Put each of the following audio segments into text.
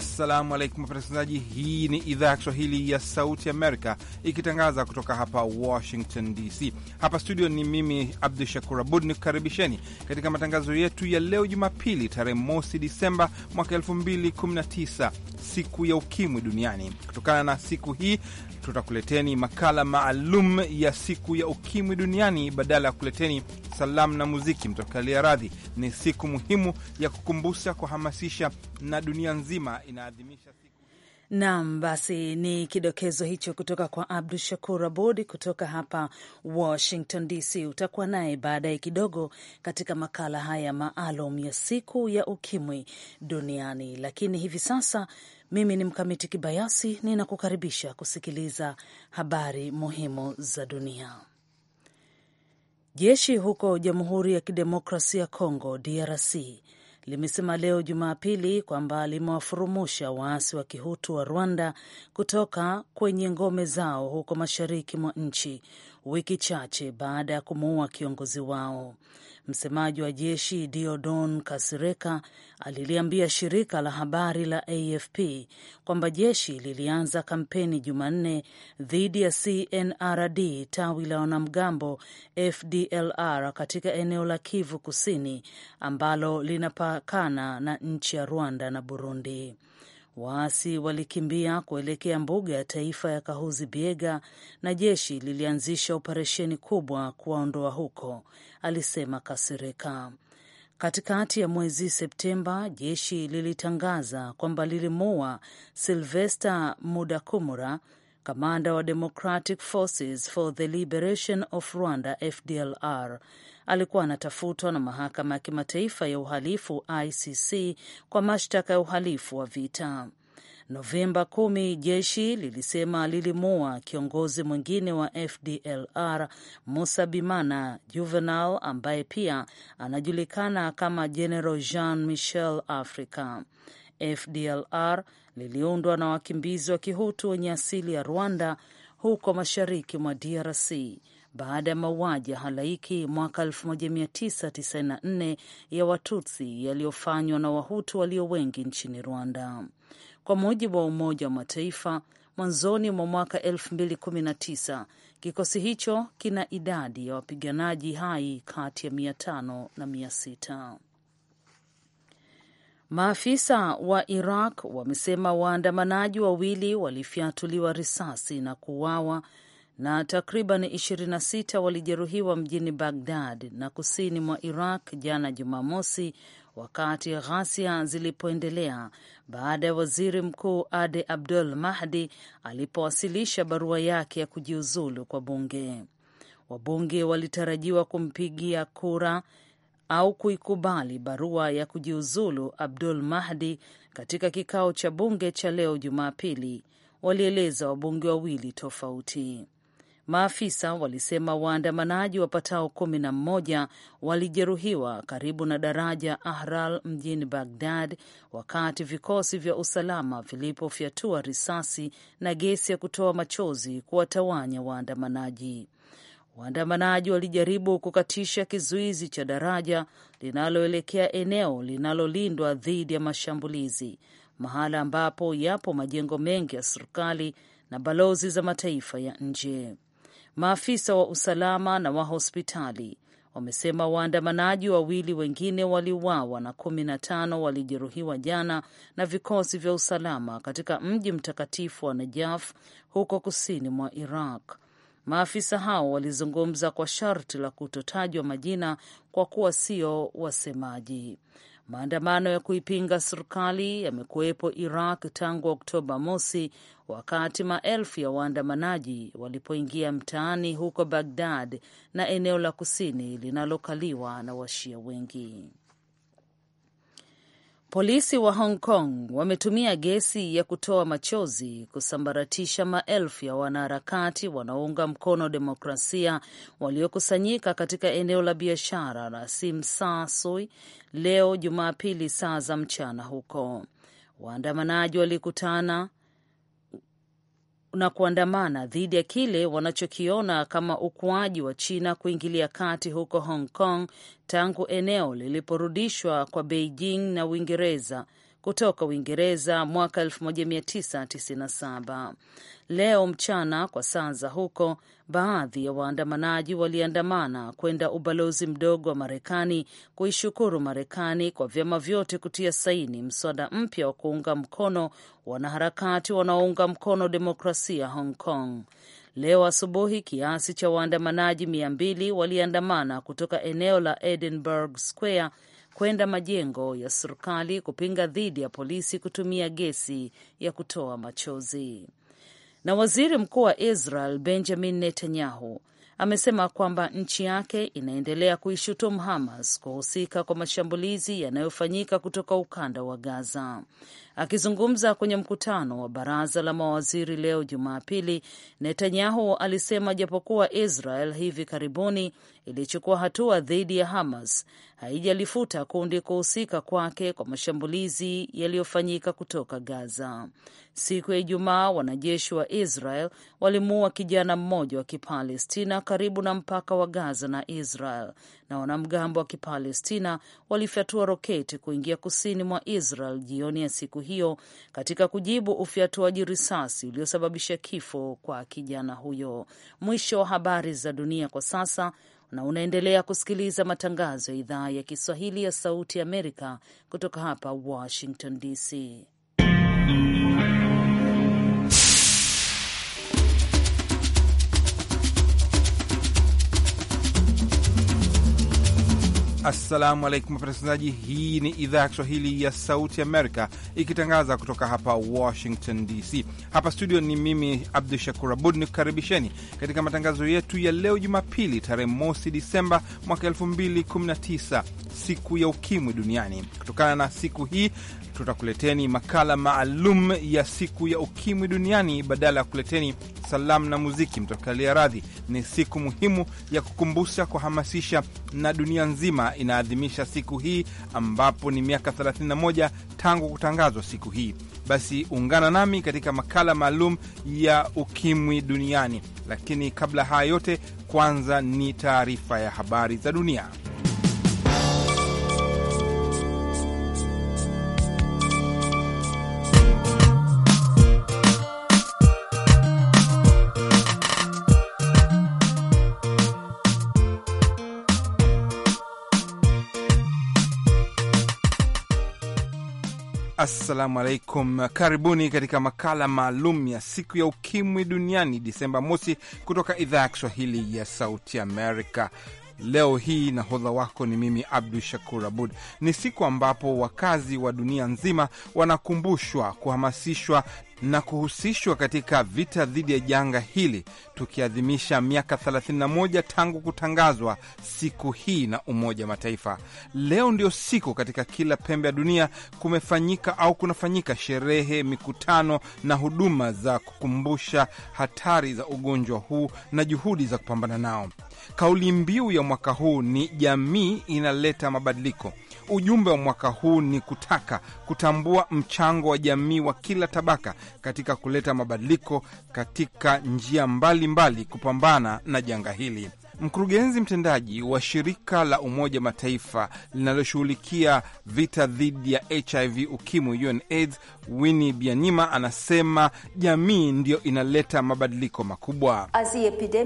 Assalamu alaikum wapenda wasikilizaji, hii ni idhaa ya Kiswahili ya Sauti Amerika ikitangaza kutoka hapa Washington DC. Hapa studio ni mimi Abdu Shakur Abud ni kukaribisheni katika matangazo yetu ya leo Jumapili tarehe mosi Disemba mwaka 2019, siku ya ukimwi duniani. Kutokana na siku hii tutakuleteni makala maalum ya siku ya ukimwi duniani. Badala ya kuleteni salamu na muziki, mtokalia radhi, ni siku muhimu ya kukumbusha, kuhamasisha, na dunia nzima inaadhimisha siku Nam, basi ni kidokezo hicho kutoka kwa Abdu Shakur Abud kutoka hapa Washington DC. Utakuwa naye baadaye kidogo katika makala haya maalum ya siku ya ukimwi duniani, lakini hivi sasa mimi ni Mkamiti Kibayasi, ninakukaribisha kusikiliza habari muhimu za dunia. Jeshi huko Jamhuri ya Kidemokrasia ya Kongo, DRC, limesema leo Jumapili kwamba limewafurumusha waasi wa kihutu wa Rwanda kutoka kwenye ngome zao huko mashariki mwa nchi wiki chache baada ya kumuua kiongozi wao. Msemaji wa jeshi Diodon Kasireka aliliambia shirika la habari la AFP kwamba jeshi lilianza kampeni Jumanne dhidi ya CNRD, tawi la wanamgambo FDLR katika eneo la Kivu Kusini ambalo linapakana na nchi ya Rwanda na Burundi. Waasi walikimbia kuelekea mbuga ya taifa ya Kahuzi Biega na jeshi lilianzisha operesheni kubwa kuwaondoa huko, alisema Kasireka. Katikati ya mwezi Septemba, jeshi lilitangaza kwamba lilimuua Silvesta Mudakumura, kamanda wa Democratic Forces for the Liberation of Rwanda FDLR alikuwa anatafutwa na mahakama ya kimataifa ya uhalifu ICC kwa mashtaka ya uhalifu wa vita. Novemba kumi, jeshi lilisema lilimua kiongozi mwingine wa FDLR Musa Bimana Juvenal, ambaye pia anajulikana kama General Jean Michel Africa. FDLR liliundwa na wakimbizi wa Kihutu wenye asili ya Rwanda huko mashariki mwa DRC baada ya mauaji ya halaiki mwaka 1994 ya Watutsi yaliyofanywa na Wahutu walio wengi nchini Rwanda. Kwa mujibu wa Umoja wa Mataifa, mwanzoni mwa mwaka 2019 kikosi hicho kina idadi ya wapiganaji hai kati ya 500 na 600. Maafisa wa Iraq wamesema waandamanaji wawili walifyatuliwa risasi na kuuawa na takriban 26 walijeruhiwa mjini Bagdad na kusini mwa Iraq jana Jumamosi, wakati ghasia zilipoendelea baada ya waziri mkuu Ade Abdul Mahdi alipowasilisha barua yake ya kujiuzulu kwa bunge. Wabunge walitarajiwa kumpigia kura au kuikubali barua ya kujiuzulu Abdul Mahdi katika kikao cha bunge cha leo Jumapili, walieleza wabunge wawili tofauti. Maafisa walisema waandamanaji wapatao kumi na mmoja walijeruhiwa karibu na daraja ahral mjini Bagdad wakati vikosi vya usalama vilipofyatua risasi na gesi ya kutoa machozi kuwatawanya waandamanaji. Waandamanaji walijaribu kukatisha kizuizi cha daraja linaloelekea eneo linalolindwa dhidi ya mashambulizi, mahala ambapo yapo majengo mengi ya serikali na balozi za mataifa ya nje. Maafisa wa usalama na wa hospitali wamesema waandamanaji wawili wengine waliuawa na kumi na tano walijeruhiwa jana na vikosi vya usalama katika mji mtakatifu wa Najaf huko kusini mwa Iraq. Maafisa hao walizungumza kwa sharti la kutotajwa majina kwa kuwa sio wasemaji. Maandamano ya kuipinga serikali yamekuwepo Iraq tangu Oktoba mosi, wakati maelfu ya waandamanaji walipoingia mtaani huko Bagdad na eneo la kusini linalokaliwa na Washia wengi. Polisi wa Hong Kong wametumia gesi ya kutoa machozi kusambaratisha maelfu ya wanaharakati wanaounga mkono demokrasia waliokusanyika katika eneo la biashara la Tsim Sha Tsui leo Jumapili saa za mchana huko. Waandamanaji walikutana na kuandamana dhidi ya kile wanachokiona kama ukuaji wa China kuingilia kati huko Hong Kong tangu eneo liliporudishwa kwa Beijing na Uingereza kutoka Uingereza mwaka 1997. Leo mchana kwa saa za huko, baadhi ya waandamanaji waliandamana kwenda ubalozi mdogo wa Marekani kuishukuru Marekani kwa vyama vyote kutia saini mswada mpya wa kuunga mkono wanaharakati wanaounga mkono demokrasia Hong Kong. Leo asubuhi kiasi cha waandamanaji mia mbili waliandamana kutoka eneo la Edinburgh Square kwenda majengo ya serikali kupinga dhidi ya polisi kutumia gesi ya kutoa machozi. Na waziri mkuu wa Israel Benjamin Netanyahu amesema kwamba nchi yake inaendelea kuishutumu Hamas kuhusika kwa mashambulizi yanayofanyika kutoka ukanda wa Gaza. Akizungumza kwenye mkutano wa baraza la mawaziri leo Jumapili, Netanyahu alisema japokuwa Israel hivi karibuni ilichukua hatua dhidi ya Hamas, haijalifuta kundi kuhusika kwake kwa mashambulizi yaliyofanyika kutoka Gaza. Siku ya Ijumaa, wanajeshi wa Israel walimuua kijana mmoja wa Kipalestina karibu na mpaka wa Gaza na Israel, na wanamgambo wa Kipalestina walifyatua roketi kuingia kusini mwa Israel jioni ya siku siku hiyo katika kujibu ufyatuaji risasi uliosababisha kifo kwa kijana huyo. Mwisho wa habari za dunia kwa sasa, na unaendelea kusikiliza matangazo ya idhaa ya Kiswahili ya Sauti ya Amerika kutoka hapa Washington DC. Assalamu alaikum wasikilizaji, hii ni idhaa ya Kiswahili ya Sauti Amerika ikitangaza kutoka hapa Washington DC. Hapa studio ni mimi Abdu Shakur Abud ni kukaribisheni katika matangazo yetu ya leo Jumapili tarehe mosi Disemba mwaka 2019, siku ya ukimwi duniani. Kutokana na siku hii tutakuleteni makala maalum ya siku ya ukimwi duniani. Badala ya kuleteni salamu na muziki, mtokalia radhi, ni siku muhimu ya kukumbusha, kuhamasisha, na dunia nzima inaadhimisha siku hii, ambapo ni miaka 31 tangu kutangazwa siku hii. Basi ungana nami katika makala maalum ya ukimwi duniani, lakini kabla haya yote, kwanza ni taarifa ya habari za dunia. Assalamu alaikum, karibuni katika makala maalum ya siku ya ukimwi duniani Disemba mosi kutoka idhaa ya Kiswahili ya Sauti Amerika. Leo hii nahodha wako ni mimi Abdu Shakur Abud. Ni siku ambapo wakazi wa dunia nzima wanakumbushwa, kuhamasishwa na kuhusishwa katika vita dhidi ya janga hili, tukiadhimisha miaka 31 tangu kutangazwa siku hii na Umoja Mataifa. Leo ndio siku katika kila pembe ya dunia kumefanyika au kunafanyika sherehe, mikutano na huduma za kukumbusha hatari za ugonjwa huu na juhudi za kupambana nao. Kauli mbiu ya mwaka huu ni jamii inaleta mabadiliko. Ujumbe wa mwaka huu ni kutaka kutambua mchango wa jamii wa kila tabaka katika kuleta mabadiliko katika njia mbalimbali mbali kupambana na janga hili. Mkurugenzi mtendaji wa shirika la Umoja Mataifa linaloshughulikia vita dhidi ya HIV ukimwi, UNAIDS, Wini bianima anasema jamii ndiyo inaleta mabadiliko makubwa As the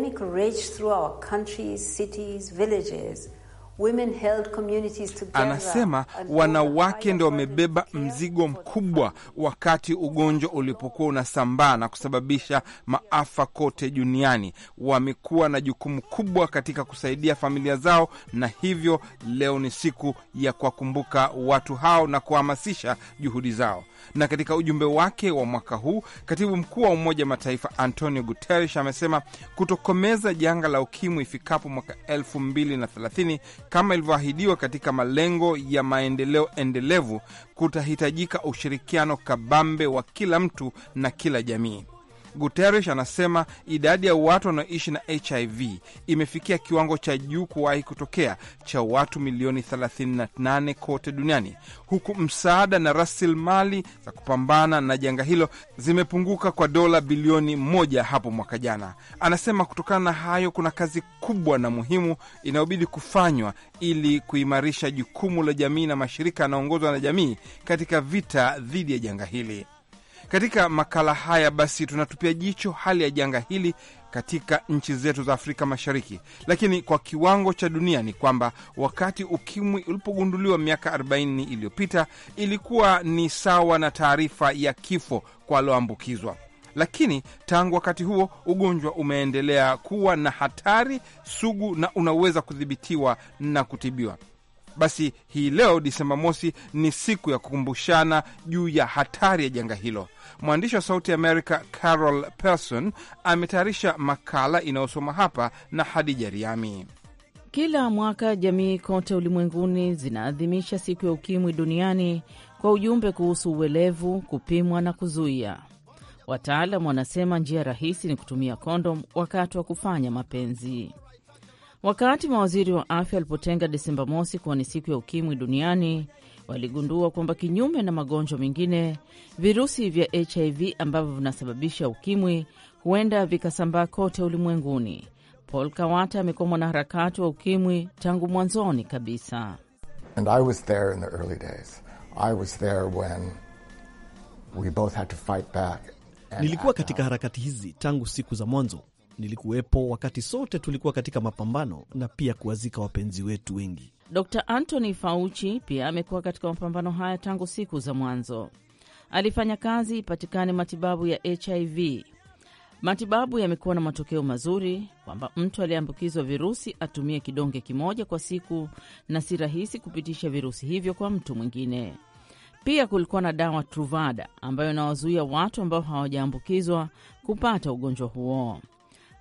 Women held communities together. Anasema wanawake ndio wamebeba mzigo mkubwa wakati ugonjwa ulipokuwa unasambaa na kusababisha maafa kote duniani. Wamekuwa na jukumu kubwa katika kusaidia familia zao, na hivyo leo ni siku ya kuwakumbuka watu hao na kuhamasisha juhudi zao. Na katika ujumbe wake wa mwaka huu, katibu mkuu wa Umoja Mataifa Antonio Guterres amesema kutokomeza janga la ukimwi ifikapo mwaka elfu mbili na thelathini kama ilivyoahidiwa katika malengo ya maendeleo endelevu, kutahitajika ushirikiano kabambe wa kila mtu na kila jamii. Guterres anasema idadi ya watu wanaoishi na HIV imefikia kiwango cha juu kuwahi kutokea cha watu milioni 38 kote duniani, huku msaada na rasilimali za kupambana na janga hilo zimepunguka kwa dola bilioni moja hapo mwaka jana. Anasema kutokana na hayo kuna kazi kubwa na muhimu inayobidi kufanywa ili kuimarisha jukumu la jamii na mashirika yanaoongozwa na jamii katika vita dhidi ya janga hili. Katika makala haya basi, tunatupia jicho hali ya janga hili katika nchi zetu za Afrika Mashariki, lakini kwa kiwango cha dunia ni kwamba wakati ukimwi ulipogunduliwa miaka 40 iliyopita ilikuwa ni sawa na taarifa ya kifo kwa walioambukizwa, lakini tangu wakati huo ugonjwa umeendelea kuwa na hatari sugu na unaweza kudhibitiwa na kutibiwa. Basi hii leo Disemba mosi ni siku ya kukumbushana juu ya hatari ya janga hilo. Mwandishi wa Sauti ya Amerika Carol Person ametayarisha makala inayosoma hapa na Hadija Riami. Kila mwaka jamii kote ulimwenguni zinaadhimisha siku ya ukimwi duniani kwa ujumbe kuhusu uelevu, kupimwa na kuzuia. Wataalam wanasema njia rahisi ni kutumia kondom wakati wa kufanya mapenzi. Wakati mawaziri wa afya walipotenga Desemba mosi kuwa ni siku ya ukimwi duniani, waligundua kwamba kinyume na magonjwa mengine, virusi vya HIV ambavyo vinasababisha ukimwi huenda vikasambaa kote ulimwenguni. Paul Kawata amekuwa mwanaharakati wa ukimwi tangu mwanzoni kabisa. And I was there in the early days. I was there when we both had to fight back. Nilikuwa katika harakati hizi tangu siku za mwanzo Nilikuwepo wakati sote tulikuwa katika mapambano na pia kuwazika wapenzi wetu wengi. Dr Anthony Fauci pia amekuwa katika mapambano haya tangu siku za mwanzo. Alifanya kazi ipatikane matibabu ya HIV. Matibabu yamekuwa na matokeo mazuri kwamba mtu aliyeambukizwa virusi atumie kidonge kimoja kwa siku, na si rahisi kupitisha virusi hivyo kwa mtu mwingine. Pia kulikuwa na dawa Truvada ambayo inawazuia watu ambao hawajaambukizwa kupata ugonjwa huo.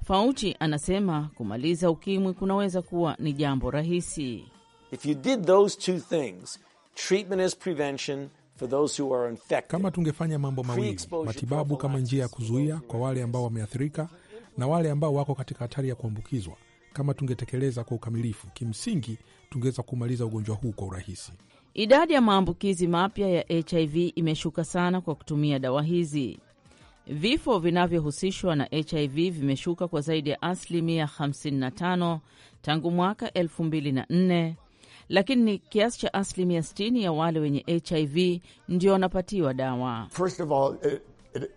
Fauci anasema kumaliza ukimwi kunaweza kuwa ni jambo rahisi. If you did those two things, treatment as prevention for those who are infected. Kama tungefanya mambo mawili, matibabu kama njia ya kuzuia kwa wale ambao wameathirika na wale ambao wako katika hatari ya kuambukizwa, kama tungetekeleza kwa ukamilifu, kimsingi tungeweza kumaliza ugonjwa huu kwa urahisi. Idadi ya maambukizi mapya ya HIV imeshuka sana kwa kutumia dawa hizi. Vifo vinavyohusishwa na HIV vimeshuka kwa zaidi ya asilimia 55 tangu mwaka 2004, lakini ni kiasi cha asilimia 60 ya wale wenye HIV ndio wanapatiwa dawa. First of all, it,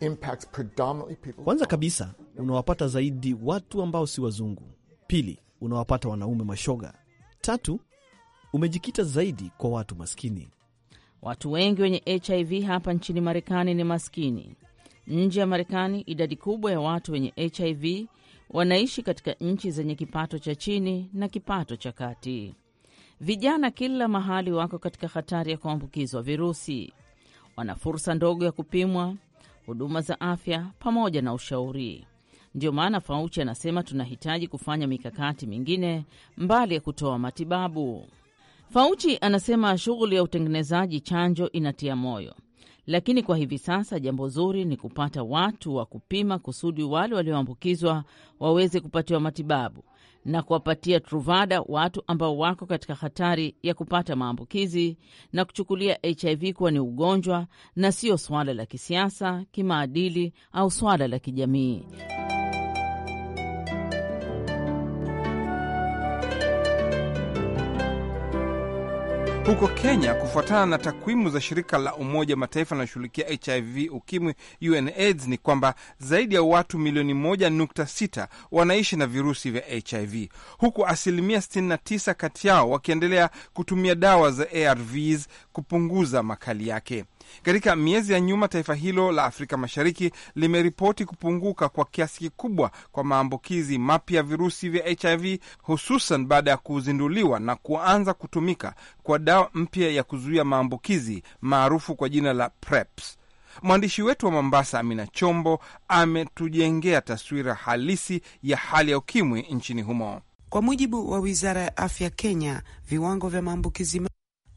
it Kwanza kabisa unawapata zaidi watu ambao si wazungu. Pili, unawapata wanaume mashoga. Tatu, umejikita zaidi kwa watu maskini. Watu wengi wenye HIV hapa nchini Marekani ni maskini Nje ya Marekani, idadi kubwa ya watu wenye HIV wanaishi katika nchi zenye kipato cha chini na kipato cha kati. Vijana kila mahali wako katika hatari ya kuambukizwa virusi, wana fursa ndogo ya kupimwa, huduma za afya pamoja na ushauri. Ndiyo maana fauchi anasema tunahitaji kufanya mikakati mingine mbali ya kutoa matibabu. fauchi anasema shughuli ya utengenezaji chanjo inatia moyo lakini kwa hivi sasa jambo zuri ni kupata watu wa kupima kusudi wale walioambukizwa waweze kupatiwa matibabu na kuwapatia Truvada watu ambao wako katika hatari ya kupata maambukizi na kuchukulia HIV kuwa ni ugonjwa na sio swala la kisiasa, kimaadili au swala la kijamii. Huko Kenya, kufuatana na takwimu za shirika la Umoja Mataifa linaloshughulikia HIV UKIMWI, UNAIDS, ni kwamba zaidi ya watu milioni 1.6 wanaishi na virusi vya HIV, huku asilimia 69 kati yao wakiendelea kutumia dawa za ARVs kupunguza makali yake. Katika miezi ya nyuma, taifa hilo la Afrika Mashariki limeripoti kupunguka kwa kiasi kikubwa kwa maambukizi mapya ya virusi vya HIV, hususan baada ya kuzinduliwa na kuanza kutumika kwa dawa mpya ya kuzuia maambukizi maarufu kwa jina la PrEPs. Mwandishi wetu wa Mombasa, Amina Chombo, ametujengea taswira halisi ya hali ya ukimwi nchini humo. Kwa mujibu wa wizara ya afya Kenya, viwango vya maambukizi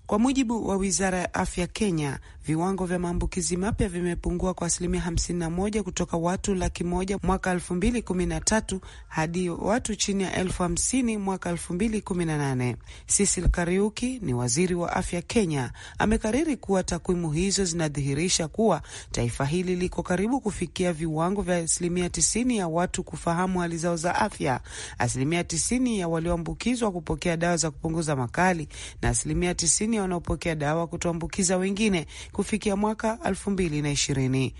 kwa mujibu wa wizara ya afya Kenya, viwango vya maambukizi mapya vimepungua kwa asilimia 51 kutoka watu laki moja mwaka 2013 hadi watu chini ya elfu hamsini mwaka 2018. Sisil Kariuki ni waziri wa afya Kenya, amekariri kuwa takwimu hizo zinadhihirisha kuwa taifa hili liko karibu kufikia viwango vya asilimia 90 ya watu kufahamu hali zao za afya, asilimia 90 ya walioambukizwa kupokea dawa za kupunguza makali na asilimia 90 Wakenya wanaopokea dawa kutoambukiza wengine kufikia mwaka elfu mbili na ishirini.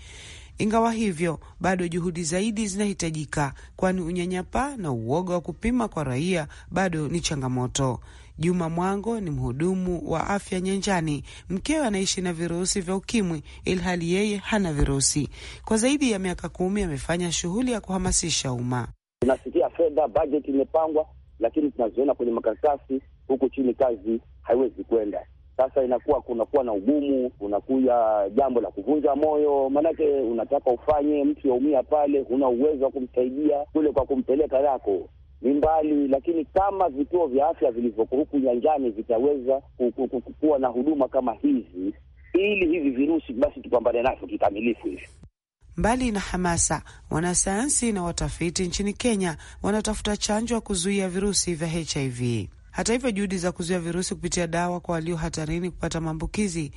Ingawa hivyo bado juhudi zaidi zinahitajika, kwani unyanyapaa na uoga wa kupima kwa raia bado ni changamoto. Juma Mwango ni mhudumu wa afya nyanjani. Mkewe anaishi na virusi vya ukimwi ilhali yeye hana virusi. Kwa zaidi ya miaka kumi amefanya shughuli ya kuhamasisha umma. Tunasikia fedha, bajeti imepangwa, lakini tunaziona kwenye makaratasi huku chini kazi haiwezi kwenda. Sasa inakuwa kunakuwa na ugumu, unakuja jambo la kuvunja moyo, maanake unataka ufanye, mtu yaumia pale, una uwezo wa kumsaidia kule kwa kumpeleka lako ni mbali, lakini kama vituo vya afya vilivyoko huku nyanjani vitaweza kuwa na huduma kama hizi, ili hivi virusi basi tupambane navyo kikamilifu hivi Mbali na hamasa, wanasayansi na watafiti nchini Kenya wanatafuta chanjo ya kuzuia virusi vya HIV. Hata hivyo, juhudi za kuzuia virusi kupitia dawa kwa walio hatarini kupata maambukizi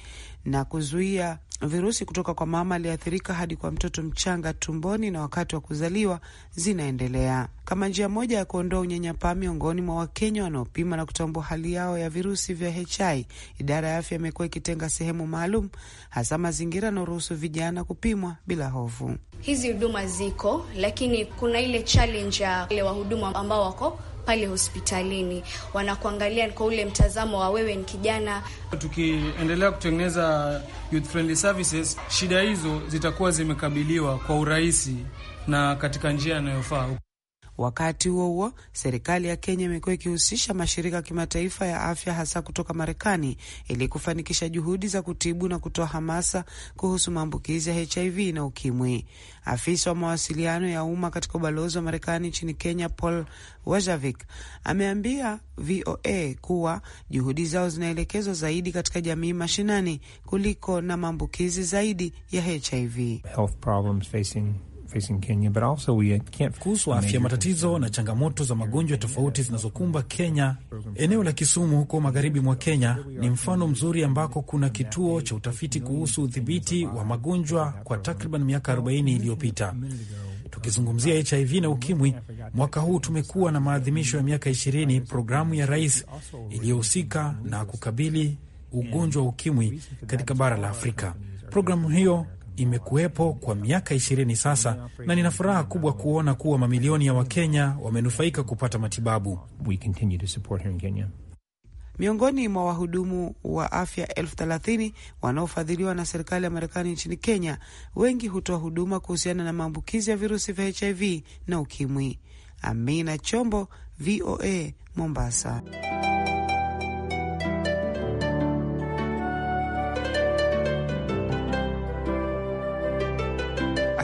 na kuzuia Virusi kutoka kwa mama aliyeathirika hadi kwa mtoto mchanga tumboni na wakati wa kuzaliwa zinaendelea kama njia moja ya kuondoa unyanyapaa miongoni mwa Wakenya wanaopima na kutambua hali yao ya virusi vya HI. Idara ya afya imekuwa ikitenga sehemu maalum, hasa mazingira yanaoruhusu vijana kupimwa bila hofu. Hizi huduma ziko, lakini kuna ile challenge ya ile wahudumu ambao wako pale hospitalini, wanakuangalia kwa ule mtazamo wa wewe ni kijana. Tukiendelea kutengeneza youth friendly services, shida hizo zitakuwa zimekabiliwa kwa urahisi na katika njia inayofaa. Wakati huo huo, serikali ya Kenya imekuwa ikihusisha mashirika ya kimataifa ya afya hasa kutoka Marekani ili kufanikisha juhudi za kutibu na kutoa hamasa kuhusu maambukizi ya HIV na UKIMWI. Afisa wa mawasiliano ya umma katika ubalozi wa Marekani nchini Kenya, Paul Wazavik, ameambia VOA kuwa juhudi zao zinaelekezwa zaidi katika jamii mashinani kuliko na maambukizi zaidi ya HIV. Health problems facing kuhusu afya, matatizo na changamoto za magonjwa tofauti zinazokumba Kenya. Eneo la Kisumu huko magharibi mwa Kenya ni mfano mzuri ambako kuna kituo cha utafiti kuhusu udhibiti wa magonjwa kwa takriban miaka 40 iliyopita. Tukizungumzia HIV na ukimwi, mwaka huu tumekuwa na maadhimisho ya miaka 20 programu ya rais iliyohusika na kukabili ugonjwa wa ukimwi katika bara la Afrika. Programu hiyo imekuwepo kwa miaka ishirini sasa, na nina furaha kubwa kuona kuwa mamilioni ya Wakenya wamenufaika kupata matibabu. Miongoni mwa wahudumu wa afya elfu thelathini wanaofadhiliwa na serikali ya Marekani nchini Kenya, wengi hutoa huduma kuhusiana na maambukizi ya virusi vya HIV na UKIMWI. Amina Chombo, VOA, Mombasa.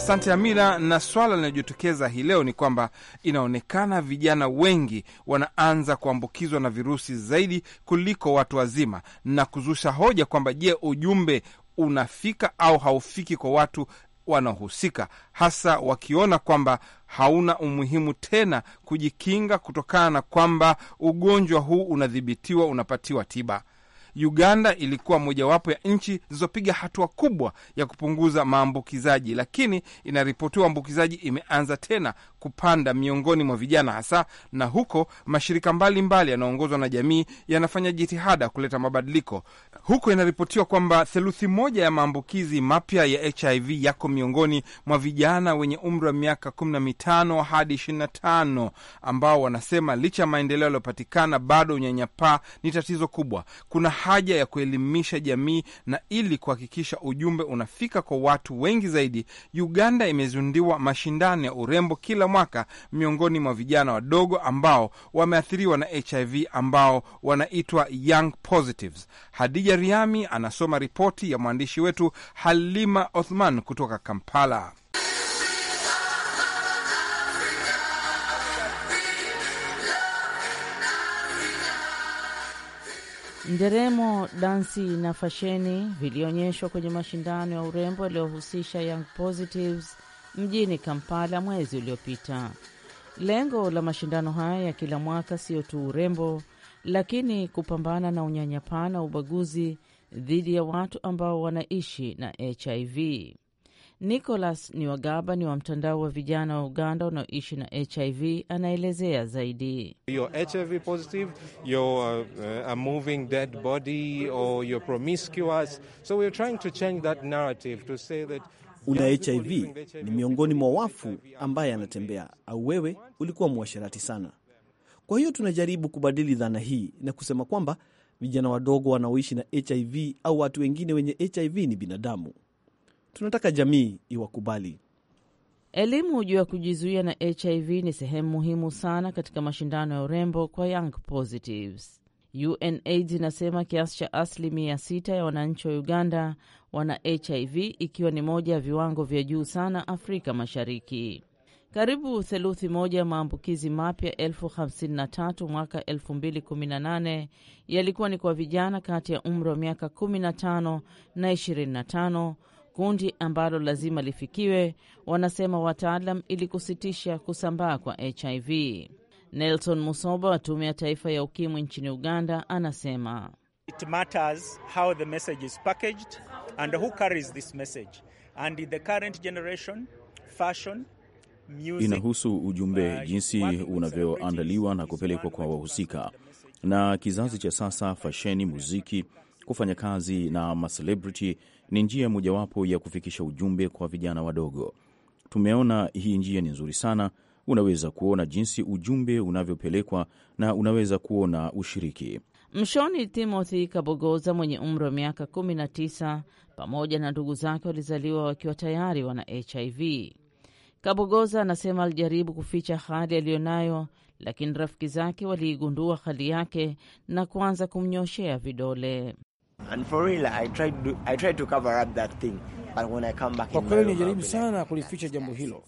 Asante Amira. Na swala linayojitokeza hii leo ni kwamba inaonekana vijana wengi wanaanza kuambukizwa na virusi zaidi kuliko watu wazima, na kuzusha hoja kwamba je, ujumbe unafika au haufiki kwa watu wanaohusika, hasa wakiona kwamba hauna umuhimu tena kujikinga kutokana na kwamba ugonjwa huu unadhibitiwa, unapatiwa tiba. Uganda ilikuwa mojawapo ya nchi zilizopiga hatua kubwa ya kupunguza maambukizaji, lakini inaripotiwa ambukizaji imeanza tena kupanda miongoni mwa vijana hasa, na huko mashirika mbalimbali yanaongozwa na jamii yanafanya jitihada kuleta mabadiliko. Huko inaripotiwa kwamba theluthi moja ya maambukizi mapya ya HIV yako miongoni mwa vijana wenye umri wa miaka 15 hadi 25, ambao wanasema licha ya maendeleo yaliyopatikana, bado unyanyapaa ni tatizo kubwa. Kuna haja ya kuelimisha jamii na ili kuhakikisha ujumbe unafika kwa watu wengi zaidi, Uganda imezundiwa mashindano ya urembo kila mwaka miongoni mwa vijana wadogo ambao wameathiriwa na HIV ambao wanaitwa young positives. Hadija Riami anasoma ripoti ya mwandishi wetu Halima Othman kutoka Kampala. Nderemo, dansi na fasheni vilionyeshwa kwenye mashindano ya urembo yaliyohusisha Young Positives mjini Kampala mwezi uliopita. Lengo la mashindano haya ya kila mwaka siyo tu urembo, lakini kupambana na unyanyapaa na ubaguzi dhidi ya watu ambao wanaishi na HIV. Nicholas Niwagaba ni wa mtandao wa vijana wa Uganda unaoishi na HIV anaelezea zaidi. You're HIV positive, you're uh, a moving dead body or you're promiscuous. So we're trying to change that narrative to say that una HIV ni miongoni mwa wafu ambaye anatembea, au wewe ulikuwa mwasherati sana. Kwa hiyo tunajaribu kubadili dhana hii na kusema kwamba vijana wadogo wanaoishi na HIV au watu wengine wenye HIV ni binadamu tunataka jamii iwakubali. Elimu juu ya kujizuia na HIV ni sehemu muhimu sana katika mashindano ya urembo kwa Young Positives. UNAIDS inasema kiasi cha asilimia sita ya wananchi wa Uganda wana HIV, ikiwa ni moja ya viwango vya juu sana Afrika Mashariki. Karibu theluthi moja ya maambukizi mapya elfu 53 mwaka 2018 yalikuwa ni kwa vijana kati ya umri wa miaka 15 na 25 kundi ambalo lazima lifikiwe, wanasema wataalam, ili kusitisha kusambaa kwa HIV. Nelson Musoba wa Tume ya Taifa ya Ukimwi nchini Uganda anasema It matters how the message is packaged and who carries this message. And the current generation, fashion, music, inahusu ujumbe uh, jinsi unavyoandaliwa na kupelekwa kwa wahusika. Na kizazi cha sasa, fasheni, muziki, kufanya kazi na macelebrity ni njia mojawapo ya kufikisha ujumbe kwa vijana wadogo. Tumeona hii njia ni nzuri sana, unaweza kuona jinsi ujumbe unavyopelekwa na unaweza kuona ushiriki. Mshoni Timothy Kabogoza mwenye umri wa miaka 19 pamoja na ndugu zake walizaliwa wakiwa tayari wana HIV. Kabogoza anasema alijaribu kuficha hali aliyonayo, lakini rafiki zake waliigundua hali yake na kuanza kumnyoshea vidole. Kwa kweli nijaribu sana kulificha jambo hilo,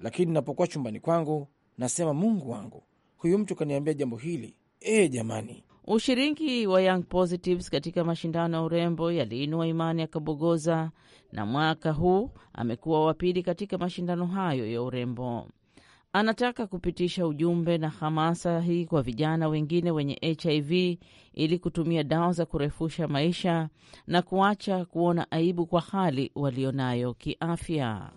lakini napokuwa chumbani kwangu nasema, Mungu wangu, huyu mtu kaniambia jambo hili. E jamani! Ushiriki wa Young Positives katika mashindano ya urembo yaliinua imani ya Kabogoza, na mwaka huu amekuwa wa pili katika mashindano hayo ya urembo. Anataka kupitisha ujumbe na hamasa hii kwa vijana wengine wenye HIV ili kutumia dawa za kurefusha maisha na kuacha kuona aibu kwa hali walionayo kiafya.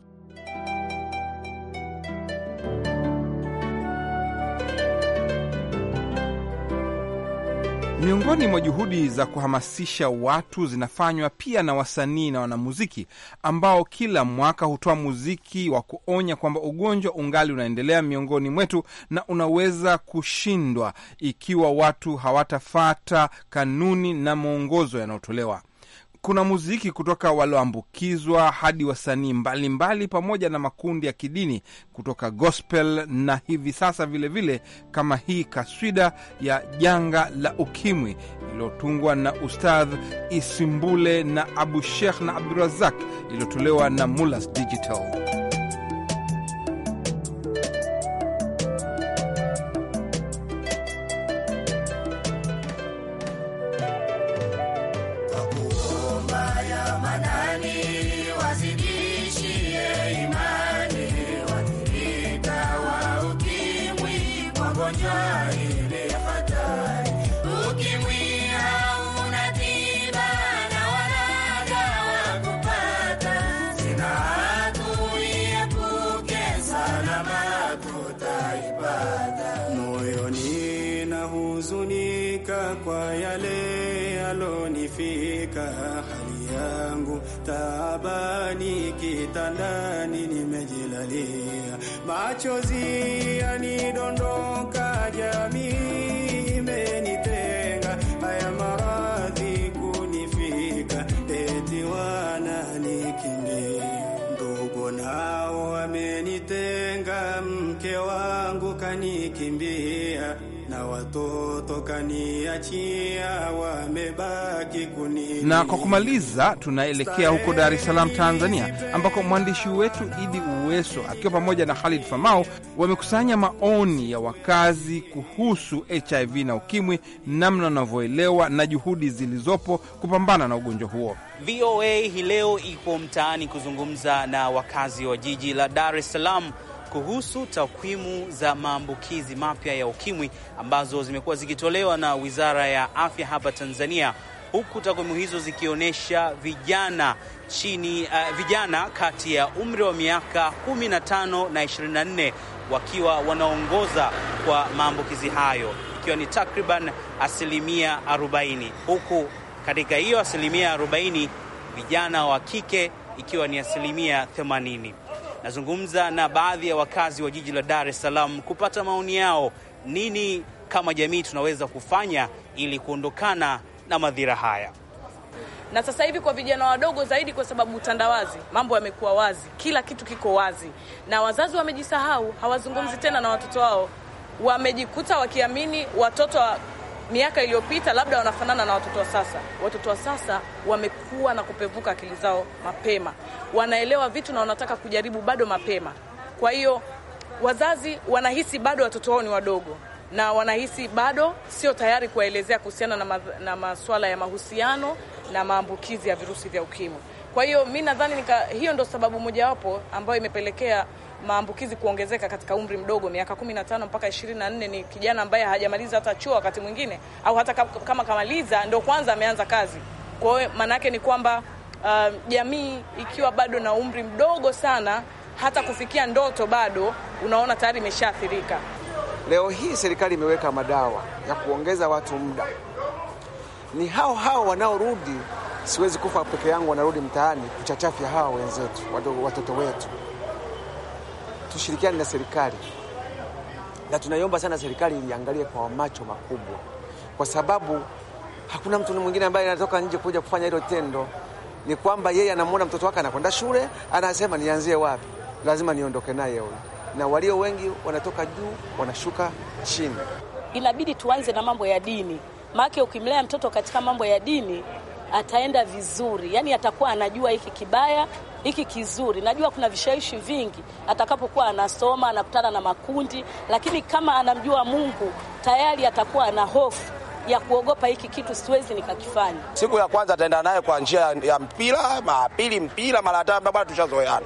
Miongoni mwa juhudi za kuhamasisha watu zinafanywa pia na wasanii na wanamuziki ambao kila mwaka hutoa muziki wa kuonya kwamba ugonjwa ungali unaendelea miongoni mwetu na unaweza kushindwa ikiwa watu hawatafata kanuni na mwongozo yanayotolewa kuna muziki kutoka walioambukizwa hadi wasanii mbalimbali, pamoja na makundi ya kidini kutoka gospel na hivi sasa vilevile vile, kama hii kaswida ya janga la ukimwi iliyotungwa na Ustadh Isimbule na Abu Sheikh na Abdurazak iliyotolewa na Mulas Digital. magonjwa ile na wala dawa kupata, sina hatuiepuke kwa yale yalonifika, hali yangu tabani kitandani nimejilalia, machozi yanidondoka Yeah, me watoto kaniachia wamebaki kuni. Na kwa kumaliza, tunaelekea huko Dar es Salaam, Tanzania, ambako mwandishi wetu Idi Uweso akiwa pamoja na Khalid Famau wamekusanya maoni ya wakazi kuhusu HIV na UKIMWI, namna wanavyoelewa na juhudi zilizopo kupambana na ugonjwa huo. VOA hii leo ipo mtaani kuzungumza na wakazi wa jiji la Dar es Salaam kuhusu takwimu za maambukizi mapya ya ukimwi ambazo zimekuwa zikitolewa na Wizara ya Afya hapa Tanzania, huku takwimu hizo zikionyesha vijana chini uh, vijana kati ya umri wa miaka 15 na 24 wakiwa wanaongoza kwa maambukizi hayo ikiwa ni takriban asilimia 40, huku katika hiyo asilimia 40 vijana wa kike ikiwa ni asilimia 80. Nazungumza na baadhi ya wakazi wa jiji la Dar es Salaam kupata maoni yao, nini kama jamii tunaweza kufanya ili kuondokana na madhira haya na sasa hivi kwa vijana wadogo zaidi, kwa sababu utandawazi, mambo yamekuwa wazi, kila kitu kiko wazi, na wazazi wamejisahau, hawazungumzi tena na watoto wao, wamejikuta wakiamini watoto miaka iliyopita labda wanafanana na watoto wa sasa. Watoto wa sasa wamekuwa na kupevuka akili zao mapema, wanaelewa vitu na wanataka kujaribu bado mapema. Kwa hiyo wazazi wanahisi bado watoto wao ni wadogo na wanahisi bado sio tayari kuwaelezea kuhusiana na, ma, na masuala ya mahusiano na maambukizi ya virusi vya ukimwi. Kwa hiyo mi nadhani hiyo ndo sababu mojawapo ambayo imepelekea maambukizi kuongezeka katika umri mdogo, miaka 15 mpaka 24. Ni kijana ambaye hajamaliza hata chuo wakati mwingine, au hata kama kamaliza ndio kwanza ameanza kazi. Kwa hiyo maanake ni kwamba uh, jamii uh, ikiwa bado na umri mdogo sana, hata kufikia ndoto bado, unaona tayari imeshaathirika. Leo hii serikali imeweka madawa ya kuongeza watu muda, ni hao hao wanaorudi. Siwezi kufa peke yangu, wanarudi mtaani kuchachafya hawa wenzetu, watoto wetu tushirikiane na serikali, na tunaiomba sana serikali iangalie kwa macho makubwa, kwa sababu hakuna mtu mwingine ambaye anatoka nje kuja kufanya hilo tendo. Ni kwamba yeye anamwona mtoto wake anakwenda shule, anasema nianzie wapi? Lazima niondoke naye huyu. Na walio wengi wanatoka juu wanashuka chini. Inabidi tuanze na mambo ya dini, maana ukimlea mtoto katika mambo ya dini ataenda vizuri, yani atakuwa anajua hiki kibaya, hiki kizuri. Najua kuna vishawishi vingi atakapokuwa anasoma, anakutana na makundi, lakini kama anamjua Mungu tayari atakuwa ana hofu ya kuogopa hiki kitu siwezi nikakifanya. Siku ya kwanza ataenda naye kwa njia ya mpira, mara pili mpira, mara tatu, bado tushazoeana.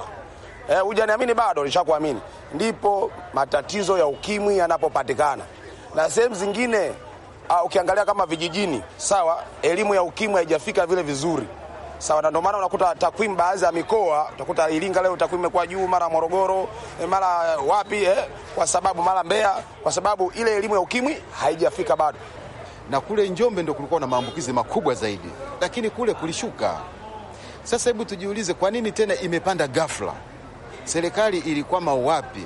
Eh, hujaniamini bado, nishakuamini. Ndipo matatizo ya ukimwi yanapopatikana na sehemu zingine uh, ukiangalia kama vijijini sawa, elimu ya ukimwi haijafika vile vizuri sawa, na ndio maana unakuta takwimu baadhi ya mikoa, utakuta Iringa leo takwimu imekuwa juu, mara Morogoro, eh, mara wapi eh, kwa sababu mara Mbeya, kwa sababu ile elimu ya ukimwi haijafika bado. Na kule Njombe ndio kulikuwa na maambukizi makubwa zaidi, lakini kule kulishuka. Sasa hebu tujiulize, kwa nini tena imepanda ghafla? Serikali ilikwama wapi?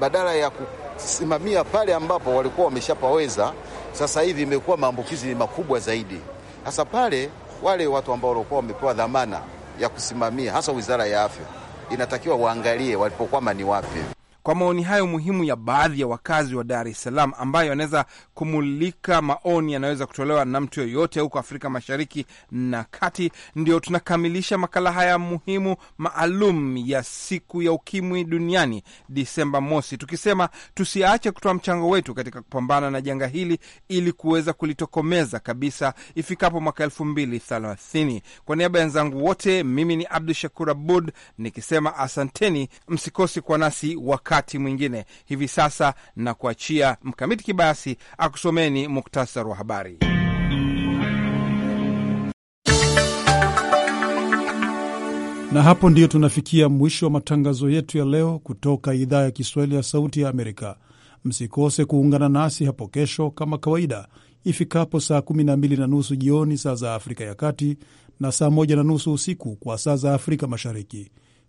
Badala ya kusimamia pale ambapo walikuwa wameshapaweza sasa hivi imekuwa maambukizi ni makubwa zaidi, hasa pale wale watu ambao walikuwa wamepewa dhamana ya kusimamia hasa wizara ya afya inatakiwa waangalie walipokwama ni wapi. Kwa maoni hayo muhimu ya baadhi ya wakazi wa Dar es Salaam ambayo yanaweza kumulika, maoni yanayoweza kutolewa na mtu yoyote huko Afrika Mashariki na Kati, ndio tunakamilisha makala haya muhimu maalum ya siku ya ukimwi duniani Disemba mosi, tukisema tusiache kutoa mchango wetu katika kupambana na janga hili ili kuweza kulitokomeza kabisa ifikapo mwaka elfu mbili thelathini. Kwa niaba ya wenzangu wote, mimi ni Abdu Shakur Abud nikisema asanteni, msikosi kwa nasi waka wakati mwingine. Hivi sasa na kuachia Mkamiti Kibayasi akusomeni muktasari wa habari. Na hapo ndiyo tunafikia mwisho wa matangazo yetu ya leo kutoka idhaa ya Kiswahili ya Sauti ya Amerika. Msikose kuungana nasi hapo kesho kama kawaida ifikapo saa 12 na nusu jioni saa za Afrika ya Kati na saa 1 na nusu usiku kwa saa za Afrika Mashariki.